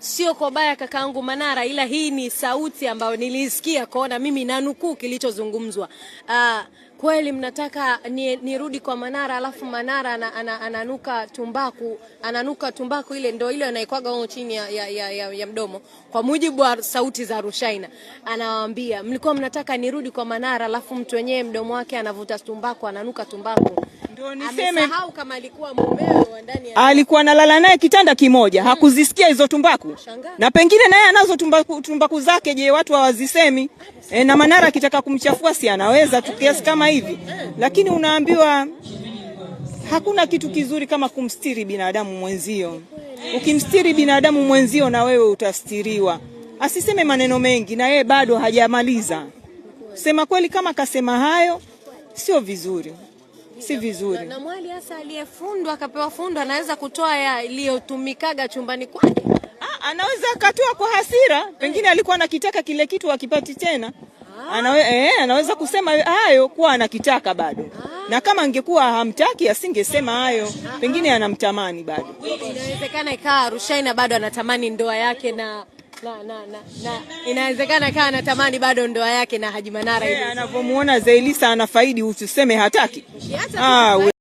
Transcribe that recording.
sio kwa baya kakaangu Manara, ila hii ni sauti ambayo nilisikia kona mimi nanukuu kilichozungumzwa. Uh, kweli mnataka nirudi ni kwa Manara, alafu Manara ana, ana, ananuka tumbaku ananuka tumbaku ile ndo ile anaikwaga huko chini ya, ya, ya, ya, ya mdomo, kwa mujibu wa sauti za Rushaina. Anawaambia mlikuwa mnataka nirudi kwa Manara, alafu mtu wenyewe mdomo wake anavuta tumbaku ananuka tumbaku alikuwa alikuwa analala naye kitanda kimoja, hmm. hakuzisikia hizo tumbaku, na pengine naye anazo tumbaku, tumbaku zake. Je, watu hawazisemi? E, na Manara akitaka kumchafua si anaweza tu kiasi kama hivi, hmm. lakini unaambiwa hakuna kitu kizuri kama kumstiri binadamu mwenzio. Ukimstiri binadamu mwenzio, na wewe utastiriwa. Asiseme maneno mengi, na yeye bado hajamaliza. Sema kweli, kama kasema hayo sio vizuri si vizuri na, mwali hasa aliyefundwa akapewa fundo anaweza kutoa yaliyotumikaga chumbani kwake ah, anaweza akatoa kwa hasira, pengine eh. alikuwa anakitaka kile kitu akipati tena. Ah. Anawe, eh, anaweza kusema hayo kuwa anakitaka bado ah. Na kama angekuwa hamtaki asingesema hayo, pengine anamtamani bado. Inawezekana ikawa Rushaina bado anatamani ndoa yake na na, na, na, na inawezekana kaa anatamani bado ndoa yake na Haji Manara. Eh, anavyomuona Zailisa anafaidi, usiseme hataki. Ah,